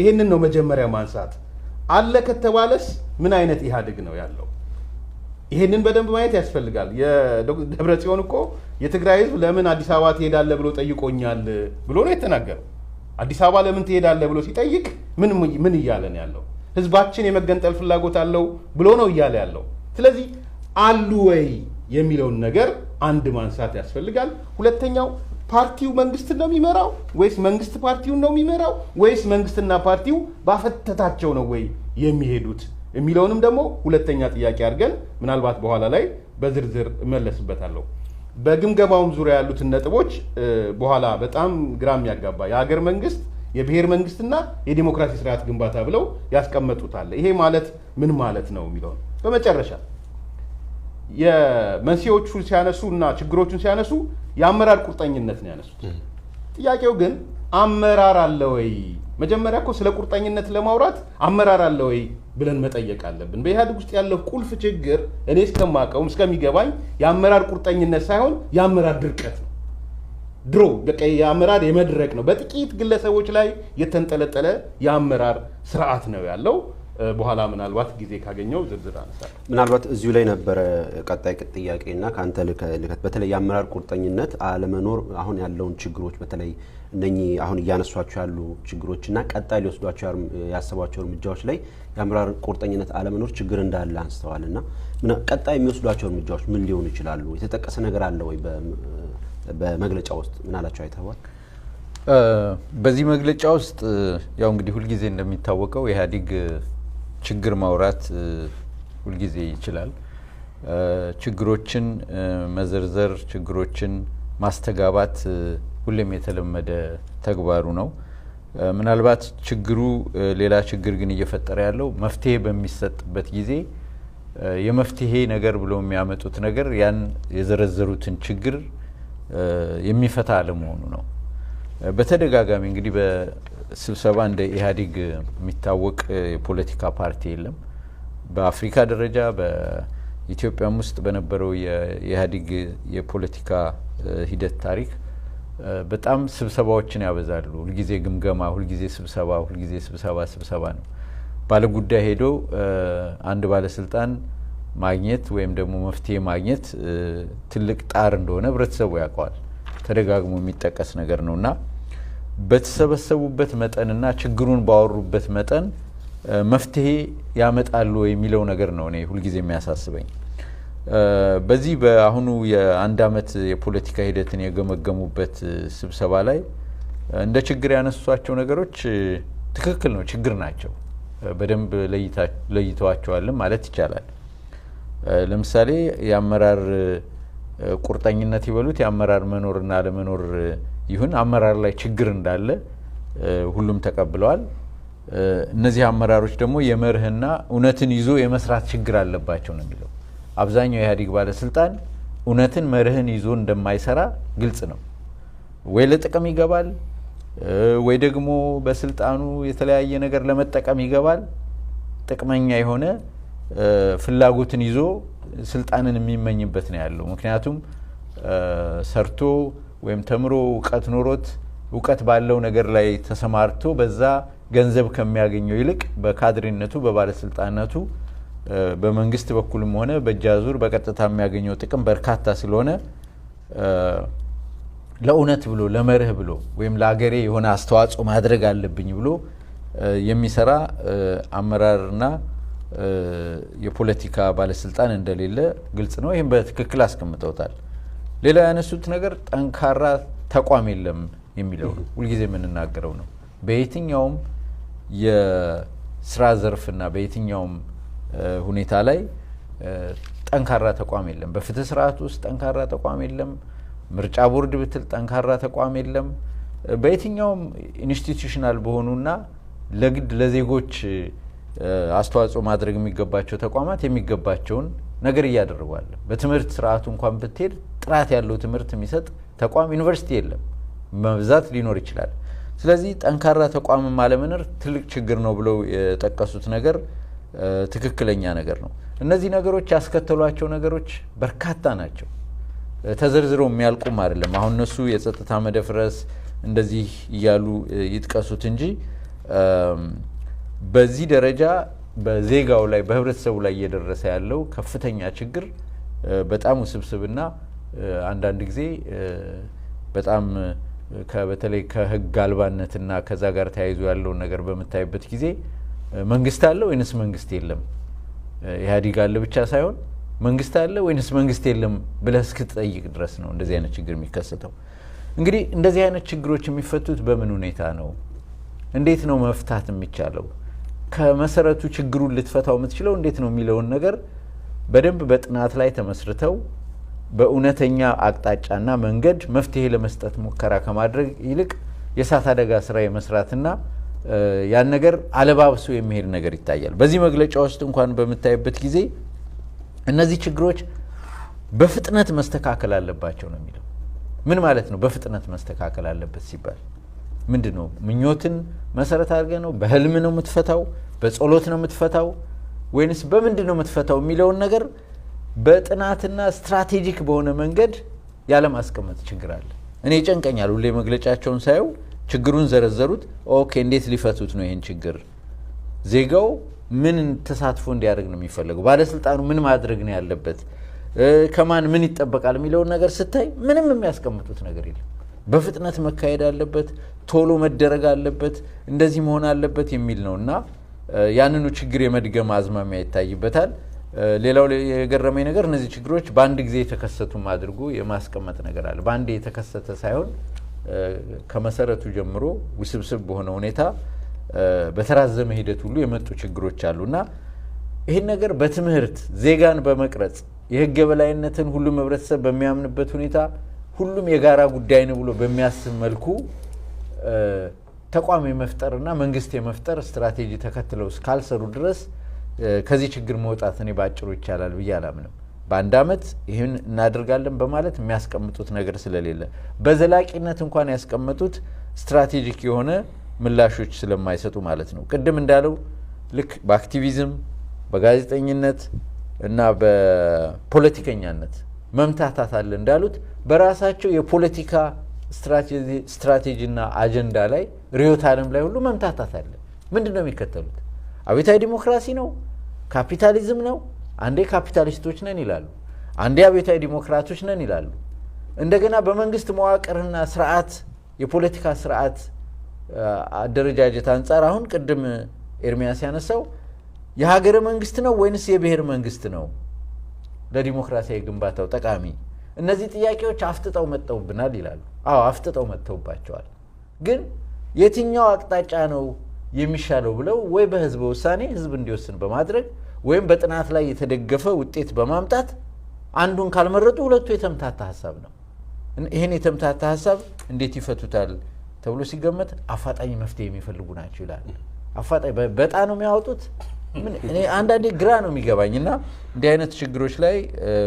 ይህንን ነው መጀመሪያ ማንሳት። አለ ከተባለስ ምን አይነት ኢህአዴግ ነው ያለው? ይህንን በደንብ ማየት ያስፈልጋል። ደብረ ጽዮን እኮ የትግራይ ህዝብ ለምን አዲስ አበባ ትሄዳለህ ብሎ ጠይቆኛል ብሎ ነው የተናገረው። አዲስ አበባ ለምን ትሄዳለህ ብሎ ሲጠይቅ ምን እያለ ነው ያለው? ህዝባችን የመገንጠል ፍላጎት አለው ብሎ ነው እያለ ያለው። ስለዚህ አሉ ወይ የሚለውን ነገር አንድ ማንሳት ያስፈልጋል። ሁለተኛው ፓርቲው መንግስትን ነው የሚመራው ወይስ መንግስት ፓርቲውን ነው የሚመራው ወይስ መንግስትና ፓርቲው ባፈተታቸው ነው ወይ የሚሄዱት የሚለውንም ደግሞ ሁለተኛ ጥያቄ አድርገን ምናልባት በኋላ ላይ በዝርዝር እመለስበታለሁ። በግምገማውም ዙሪያ ያሉትን ነጥቦች በኋላ በጣም ግራ የሚያጋባ የሀገር መንግስት የብሔር መንግስትና የዲሞክራሲ ስርዓት ግንባታ ብለው ያስቀመጡታል። ይሄ ማለት ምን ማለት ነው የሚለውን በመጨረሻ የመንስኤዎቹን ሲያነሱ እና ችግሮቹን ሲያነሱ የአመራር ቁርጠኝነት ነው ያነሱት። ጥያቄው ግን አመራር አለ ወይ? መጀመሪያ እኮ ስለ ቁርጠኝነት ለማውራት አመራር አለ ወይ ብለን መጠየቅ አለብን። በኢህአዴግ ውስጥ ያለው ቁልፍ ችግር እኔ እስከማውቀውም እስከሚገባኝ የአመራር ቁርጠኝነት ሳይሆን የአመራር ድርቀት ነው። ድሮ በቃ የአመራር የመድረክ ነው፣ በጥቂት ግለሰቦች ላይ የተንጠለጠለ የአመራር ስርዓት ነው ያለው። በኋላ ምናልባት ጊዜ ካገኘው ዝርዝር አነሳለሁ። ምናልባት እዚሁ ላይ ነበረ ቀጣይ ጥያቄና ከአንተ ልከት በተለይ የአመራር ቁርጠኝነት አለመኖር አሁን ያለውን ችግሮች በተለይ እነኚህ አሁን እያነሷቸው ያሉ ችግሮች እና ቀጣይ ሊወስዷቸው ያሰቧቸው እርምጃዎች ላይ የአመራር ቁርጠኝነት አለመኖር ችግር እንዳለ አንስተዋል እና ቀጣይ የሚወስዷቸው እርምጃዎች ምን ሊሆኑ ይችላሉ? የተጠቀሰ ነገር አለ ወይ? በመግለጫ ውስጥ ምን አላቸው አይተዋል? በዚህ መግለጫ ውስጥ ያው እንግዲህ ሁልጊዜ እንደሚታወቀው ኢህአዴግ ችግር ማውራት ሁልጊዜ ይችላል። ችግሮችን መዘርዘር፣ ችግሮችን ማስተጋባት ሁሌም የተለመደ ተግባሩ ነው። ምናልባት ችግሩ ሌላ ችግር ግን እየፈጠረ ያለው መፍትሄ በሚሰጥበት ጊዜ የመፍትሄ ነገር ብለው የሚያመጡት ነገር ያን የዘረዘሩትን ችግር የሚፈታ አለመሆኑ ነው። በተደጋጋሚ እንግዲህ ስብሰባ እንደ ኢህአዴግ የሚታወቅ የፖለቲካ ፓርቲ የለም። በአፍሪካ ደረጃ በኢትዮጵያም ውስጥ በነበረው የኢህአዴግ የፖለቲካ ሂደት ታሪክ በጣም ስብሰባዎችን ያበዛሉ። ሁልጊዜ ግምገማ፣ ሁልጊዜ ስብሰባ፣ ሁልጊዜ ስብሰባ ስብሰባ ነው። ባለጉዳይ ሄዶ አንድ ባለስልጣን ማግኘት ወይም ደግሞ መፍትሄ ማግኘት ትልቅ ጣር እንደሆነ ህብረተሰቡ ያውቀዋል። ተደጋግሞ የሚጠቀስ ነገር ነው እና በተሰበሰቡበት መጠንና ችግሩን ባወሩበት መጠን መፍትሄ ያመጣሉ የሚለው ነገር ነው እኔ ሁልጊዜ የሚያሳስበኝ። በዚህ በአሁኑ የአንድ አመት የፖለቲካ ሂደትን የገመገሙበት ስብሰባ ላይ እንደ ችግር ያነሷቸው ነገሮች ትክክል ነው፣ ችግር ናቸው። በደንብ ለይተዋቸዋልም ማለት ይቻላል። ለምሳሌ የአመራር ቁርጠኝነት ይበሉት የአመራር መኖርና አለመኖር ይሁን አመራር ላይ ችግር እንዳለ ሁሉም ተቀብለዋል። እነዚህ አመራሮች ደግሞ የመርህና እውነትን ይዞ የመስራት ችግር አለባቸው ነው የሚለው። አብዛኛው የኢህአዴግ ባለስልጣን እውነትን መርህን ይዞ እንደማይሰራ ግልጽ ነው። ወይ ለጥቅም ይገባል፣ ወይ ደግሞ በስልጣኑ የተለያየ ነገር ለመጠቀም ይገባል። ጥቅመኛ የሆነ ፍላጎትን ይዞ ስልጣንን የሚመኝበት ነው ያለው። ምክንያቱም ሰርቶ ወይም ተምሮ እውቀት ኖሮት እውቀት ባለው ነገር ላይ ተሰማርቶ በዛ ገንዘብ ከሚያገኘው ይልቅ በካድሬነቱ በባለስልጣናቱ በመንግስት በኩልም ሆነ በእጃዙር በቀጥታ የሚያገኘው ጥቅም በርካታ ስለሆነ ለእውነት ብሎ ለመርህ ብሎ ወይም ለአገሬ የሆነ አስተዋጽኦ ማድረግ አለብኝ ብሎ የሚሰራ አመራርና የፖለቲካ ባለስልጣን እንደሌለ ግልጽ ነው። ይህም በትክክል አስቀምጠውታል። ሌላ ያነሱት ነገር ጠንካራ ተቋም የለም የሚለው ነው። ሁልጊዜ የምንናገረው ነው። በየትኛውም የስራ ዘርፍና በየትኛውም ሁኔታ ላይ ጠንካራ ተቋም የለም። በፍትህ ስርዓት ውስጥ ጠንካራ ተቋም የለም። ምርጫ ቦርድ ብትል ጠንካራ ተቋም የለም። በየትኛውም ኢንስቲትዩሽናል በሆኑና ለግድ ለዜጎች አስተዋጽኦ ማድረግ የሚገባቸው ተቋማት የሚገባቸውን ነገር እያደረጓለ። በትምህርት ስርዓቱ እንኳን ብትሄድ ጥራት ያለው ትምህርት የሚሰጥ ተቋም ዩኒቨርሲቲ የለም፣ መብዛት ሊኖር ይችላል። ስለዚህ ጠንካራ ተቋም ማለመኖር ትልቅ ችግር ነው ብለው የጠቀሱት ነገር ትክክለኛ ነገር ነው። እነዚህ ነገሮች ያስከተሏቸው ነገሮች በርካታ ናቸው። ተዘርዝረው የሚያልቁም አይደለም። አሁን እነሱ የጸጥታ መደፍረስ እንደዚህ እያሉ ይጥቀሱት እንጂ በዚህ ደረጃ በዜጋው ላይ በህብረተሰቡ ላይ እየደረሰ ያለው ከፍተኛ ችግር በጣም ውስብስብና አንዳንድ ጊዜ በጣም በተለይ ከህግ አልባነትና ከዛ ጋር ተያይዞ ያለውን ነገር በምታይበት ጊዜ መንግስት አለ ወይንስ መንግስት የለም፣ ኢህአዴግ አለ ብቻ ሳይሆን መንግስት አለ ወይንስ መንግስት የለም ብለ እስክትጠይቅ ድረስ ነው እንደዚህ አይነት ችግር የሚከሰተው። እንግዲህ እንደዚህ አይነት ችግሮች የሚፈቱት በምን ሁኔታ ነው? እንዴት ነው መፍታት የሚቻለው? ከመሰረቱ ችግሩን ልትፈታው የምትችለው እንዴት ነው የሚለውን ነገር በደንብ በጥናት ላይ ተመስርተው በእውነተኛ አቅጣጫና መንገድ መፍትሄ ለመስጠት ሙከራ ከማድረግ ይልቅ የእሳት አደጋ ስራ የመስራትና ያን ነገር አለባብሶ የሚሄድ ነገር ይታያል። በዚህ መግለጫ ውስጥ እንኳን በምታይበት ጊዜ እነዚህ ችግሮች በፍጥነት መስተካከል አለባቸው ነው የሚለው። ምን ማለት ነው? በፍጥነት መስተካከል አለበት ሲባል ምንድን ነው? ምኞትን መሰረት አድርገ ነው? በህልም ነው የምትፈታው? በጸሎት ነው የምትፈታው? ወይንስ በምንድን ነው የምትፈታው የሚለውን ነገር በጥናትና ስትራቴጂክ በሆነ መንገድ ያለማስቀመጥ ችግር አለ። እኔ ጨንቀኛል። ሁሌ መግለጫቸውን ሳየው ችግሩን ዘረዘሩት። ኦኬ፣ እንዴት ሊፈቱት ነው ይህን ችግር? ዜጋው ምን ተሳትፎ እንዲያደርግ ነው የሚፈለገው? ባለስልጣኑ ምን ማድረግ ነው ያለበት? ከማን ምን ይጠበቃል የሚለውን ነገር ስታይ ምንም የሚያስቀምጡት ነገር የለም። በፍጥነት መካሄድ አለበት፣ ቶሎ መደረግ አለበት፣ እንደዚህ መሆን አለበት የሚል ነው እና ያንኑ ችግር የመድገም አዝማሚያ ይታይበታል። ሌላው የገረመኝ ነገር እነዚህ ችግሮች በአንድ ጊዜ የተከሰቱም አድርጎ የማስቀመጥ ነገር አለ። በአንድ የተከሰተ ሳይሆን ከመሰረቱ ጀምሮ ውስብስብ በሆነ ሁኔታ በተራዘመ ሂደት ሁሉ የመጡ ችግሮች አሉ እና ይህን ነገር በትምህርት ዜጋን በመቅረጽ የህግ የበላይነትን ሁሉም ህብረተሰብ በሚያምንበት ሁኔታ ሁሉም የጋራ ጉዳይ ነው ብሎ በሚያስብ መልኩ ተቋም የመፍጠርና መንግስት የመፍጠር ስትራቴጂ ተከትለው እስካልሰሩ ድረስ ከዚህ ችግር መውጣት እኔ በአጭሩ ይቻላል ብዬ አላምንም። በአንድ አመት ይህን እናደርጋለን በማለት የሚያስቀምጡት ነገር ስለሌለ በዘላቂነት እንኳን ያስቀመጡት ስትራቴጂክ የሆነ ምላሾች ስለማይሰጡ ማለት ነው። ቅድም እንዳለው ልክ በአክቲቪዝም በጋዜጠኝነት እና በፖለቲከኛነት መምታታት አለ እንዳሉት በራሳቸው የፖለቲካ ስትራቴጂና አጀንዳ ላይ ርዕዮተ ዓለም ላይ ሁሉ መምታታት አለ። ምንድን ነው የሚከተሉት? አብዮታዊ ዲሞክራሲ ነው ካፒታሊዝም ነው። አንዴ ካፒታሊስቶች ነን ይላሉ፣ አንዴ አብዮታዊ ዲሞክራቶች ነን ይላሉ። እንደገና በመንግስት መዋቅርና ስርዓት የፖለቲካ ስርዓት አደረጃጀት አንጻር አሁን ቅድም ኤርሚያስ ያነሳው የሀገረ መንግስት ነው ወይንስ የብሔር መንግስት ነው ለዲሞክራሲያዊ ግንባታው ጠቃሚ? እነዚህ ጥያቄዎች አፍጥጠው መጥተውብናል ይላሉ። አዎ አፍጥጠው መጥተውባቸዋል። ግን የትኛው አቅጣጫ ነው የሚሻለው ብለው ወይ በህዝበ ውሳኔ ህዝብ እንዲወስን በማድረግ ወይም በጥናት ላይ የተደገፈ ውጤት በማምጣት አንዱን ካልመረጡ ሁለቱ የተምታታ ሀሳብ ነው። ይህን የተምታታ ሀሳብ እንዴት ይፈቱታል ተብሎ ሲገመት አፋጣኝ መፍትሄ የሚፈልጉ ናቸው ይላል። አፋጣኝ በጣ ነው የሚያወጡት። አንዳንዴ ግራ ነው የሚገባኝ እና እንዲህ አይነት ችግሮች ላይ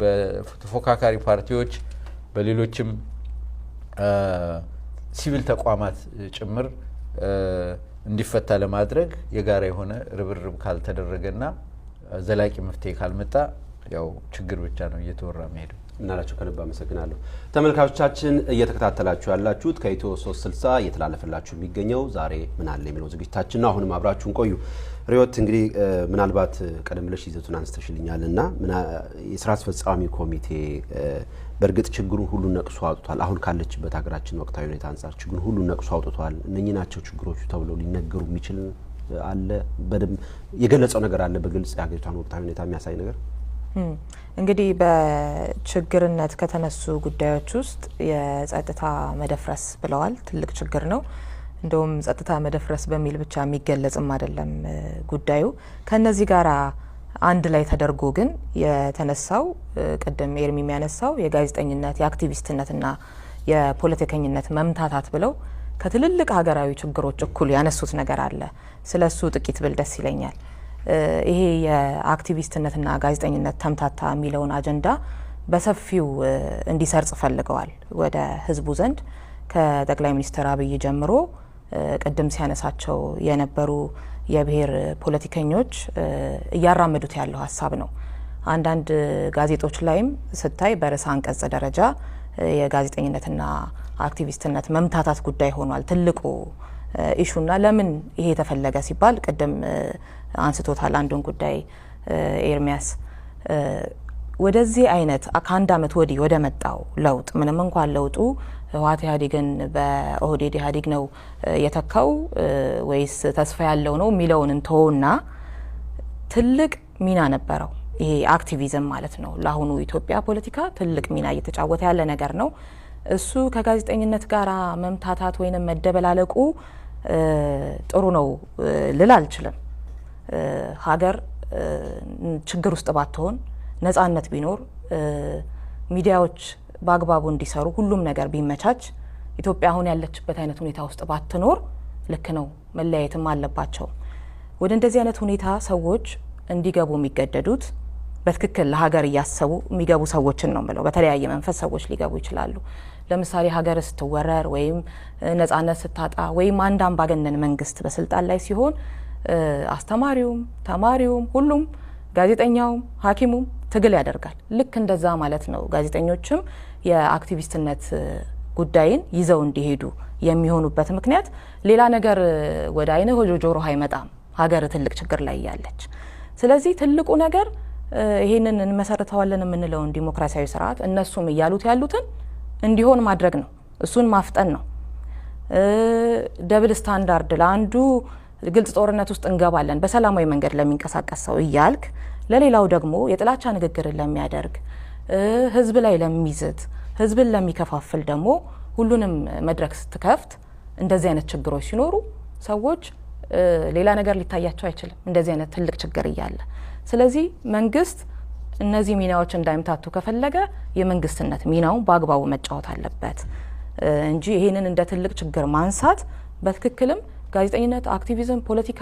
በተፎካካሪ ፓርቲዎች በሌሎችም ሲቪል ተቋማት ጭምር እንዲፈታ ለማድረግ የጋራ የሆነ ርብርብ ካልተደረገና ዘላቂ መፍትሄ ካልመጣ ያው ችግር ብቻ ነው እየተወራ መሄዱ። እናላቸው ከልብ አመሰግናለሁ። ተመልካቾቻችን እየተከታተላችሁ ያላችሁት ከኢትዮ 360 እየተላለፈላችሁ የሚገኘው ዛሬ ምናለ የሚለው ዝግጅታችን ነው። አሁንም አብራችሁን ቆዩ። ሪዮት እንግዲህ ምናልባት ቀደም ብለሽ ይዘቱን አንስተሽልኛል እና የስራ አስፈጻሚ ኮሚቴ በእርግጥ ችግሩን ሁሉ ነቅሶ አውጥቷል። አሁን ካለችበት ሀገራችን ወቅታዊ ሁኔታ አንጻር ችግሩን ሁሉ ነቅሶ አውጥቷል። እነኚህ ናቸው ችግሮቹ ተብለው ሊነገሩ የሚችል አለ? በደንብ የገለጸው ነገር አለ? በግልጽ የሀገሪቷን ወቅታዊ ሁኔታ የሚያሳይ ነገር እንግዲህ በችግርነት ከተነሱ ጉዳዮች ውስጥ የጸጥታ መደፍረስ ብለዋል። ትልቅ ችግር ነው። እንደውም ጸጥታ መደፍረስ በሚል ብቻ የሚገለጽም አይደለም ጉዳዩ። ከነዚህ ጋር አንድ ላይ ተደርጎ ግን የተነሳው ቅድም ኤርሚ የሚያነሳው የጋዜጠኝነት የአክቲቪስትነትና የፖለቲከኝነት መምታታት ብለው ከትልልቅ ሀገራዊ ችግሮች እኩል ያነሱት ነገር አለ። ስለ እሱ ጥቂት ብል ደስ ይለኛል። ይሄ የአክቲቪስትነትና ጋዜጠኝነት ተምታታ የሚለውን አጀንዳ በሰፊው እንዲሰርጽ ፈልገዋል ወደ ህዝቡ ዘንድ ከጠቅላይ ሚኒስትር አብይ ጀምሮ ቅድም ሲያነሳቸው የነበሩ የብሔር ፖለቲከኞች እያራመዱት ያለው ሀሳብ ነው። አንዳንድ ጋዜጦች ላይም ስታይ በርዕሰ አንቀጽ ደረጃ የጋዜጠኝነትና አክቲቪስትነት መምታታት ጉዳይ ሆኗል ትልቁ ኢሹና ለምን ይሄ የተፈለገ ሲባል ቅድም አንስቶታል አንዱን ጉዳይ ኤርሚያስ ወደዚህ አይነት ከአንድ አመት ወዲህ ወደ መጣው ለውጥ ምንም እንኳን ለውጡ ህወሀት ኢህአዴግን በኦህዴድ ኢህአዴግ ነው የተካው ወይስ ተስፋ ያለው ነው የሚለውን እንተውና ትልቅ ሚና ነበረው ይሄ አክቲቪዝም ማለት ነው። ለአሁኑ ኢትዮጵያ ፖለቲካ ትልቅ ሚና እየተጫወተ ያለ ነገር ነው። እሱ ከጋዜጠኝነት ጋር መምታታት ወይንም መደበላለቁ ጥሩ ነው ልል አልችልም። ሀገር ችግር ውስጥ ባትሆን ነጻነት ቢኖር ሚዲያዎች በአግባቡ እንዲሰሩ ሁሉም ነገር ቢመቻች ኢትዮጵያ አሁን ያለችበት አይነት ሁኔታ ውስጥ ባትኖር ልክ ነው፣ መለያየትም አለባቸው። ወደ እንደዚህ አይነት ሁኔታ ሰዎች እንዲገቡ የሚገደዱት በትክክል ለሀገር እያሰቡ የሚገቡ ሰዎችን ነው ምለው። በተለያየ መንፈስ ሰዎች ሊገቡ ይችላሉ። ለምሳሌ ሀገር ስትወረር ወይም ነጻነት ስታጣ ወይም አንድ አምባገነን መንግስት በስልጣን ላይ ሲሆን አስተማሪውም፣ ተማሪውም፣ ሁሉም ጋዜጠኛውም፣ ሐኪሙም ትግል ያደርጋል። ልክ እንደዛ ማለት ነው። ጋዜጠኞችም የአክቲቪስትነት ጉዳይን ይዘው እንዲሄዱ የሚሆኑበት ምክንያት ሌላ ነገር ወደ አይነ ሆጆ ጆሮ አይመጣም። ሀገር ትልቅ ችግር ላይ ያለች። ስለዚህ ትልቁ ነገር ይሄንን እንመሰርተዋለን የምንለውን ዲሞክራሲያዊ ስርዓት እነሱም እያሉት ያሉትን እንዲሆን ማድረግ ነው። እሱን ማፍጠን ነው። ደብል ስታንዳርድ ለአንዱ ግልጽ ጦርነት ውስጥ እንገባለን በሰላማዊ መንገድ ለሚንቀሳቀስ ሰው እያልክ ለሌላው ደግሞ የጥላቻ ንግግርን ለሚያደርግ ህዝብ ላይ ለሚዝት ህዝብን ለሚከፋፍል ደግሞ ሁሉንም መድረክ ስትከፍት እንደዚህ አይነት ችግሮች ሲኖሩ ሰዎች ሌላ ነገር ሊታያቸው አይችልም፣ እንደዚህ አይነት ትልቅ ችግር እያለ። ስለዚህ መንግስት እነዚህ ሚናዎች እንዳይምታቱ ከፈለገ የመንግስትነት ሚናውን በአግባቡ መጫወት አለበት እንጂ ይህንን እንደ ትልቅ ችግር ማንሳት በትክክልም ጋዜጠኝነት፣ አክቲቪዝም፣ ፖለቲካ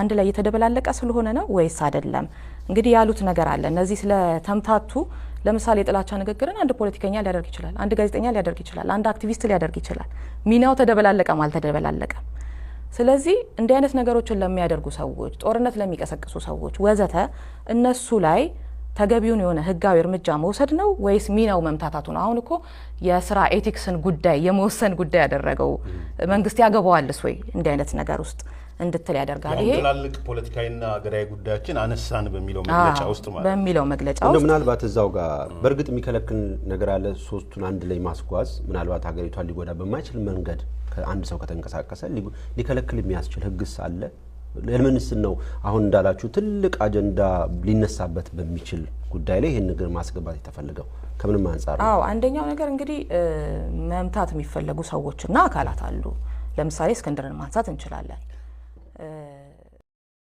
አንድ ላይ እየተደበላለቀ ስለሆነ ነው ወይስ አይደለም? እንግዲህ ያሉት ነገር አለ። እነዚህ ስለተምታቱ ለምሳሌ የጥላቻ ንግግርን አንድ ፖለቲከኛ ሊያደርግ ይችላል፣ አንድ ጋዜጠኛ ሊያደርግ ይችላል፣ አንድ አክቲቪስት ሊያደርግ ይችላል። ሚናው ተደበላለቀም አልተደበላለቀም። ስለዚህ እንዲህ አይነት ነገሮችን ለሚያደርጉ ሰዎች፣ ጦርነት ለሚቀሰቅሱ ሰዎች ወዘተ እነሱ ላይ ተገቢውን የሆነ ህጋዊ እርምጃ መውሰድ ነው ወይስ ሚናው መምታታቱ ነው? አሁን እኮ የስራ ኤቲክስን ጉዳይ የመወሰን ጉዳይ ያደረገው መንግስት ያገባዋልስ ወይ እንዲህ አይነት ነገር ውስጥ እንድትል ያደርጋል። ይሄ ትላልቅ ፖለቲካዊና ሀገራዊ ጉዳዮችን አነሳን በሚለው መግለጫ ውስጥ ማለት በሚለው መግለጫ ውስጥ ምናልባት እዛው ጋር በእርግጥ የሚከለክል ነገር አለ። ሶስቱን አንድ ላይ ማስጓዝ ምናልባት ሀገሪቷን ሊጎዳ በማይችል መንገድ አንድ ሰው ከተንቀሳቀሰ ሊከለክል የሚያስችል ህግስ አለ። ለምንስ ነው አሁን እንዳላችሁ ትልቅ አጀንዳ ሊነሳበት በሚችል ጉዳይ ላይ ይህን ነገር ማስገባት የተፈለገው ከምንም አንጻር አዎ አንደኛው ነገር እንግዲህ መምታት የሚፈለጉ ሰዎችና አካላት አሉ። ለምሳሌ እስክንድርን ማንሳት እንችላለን። e,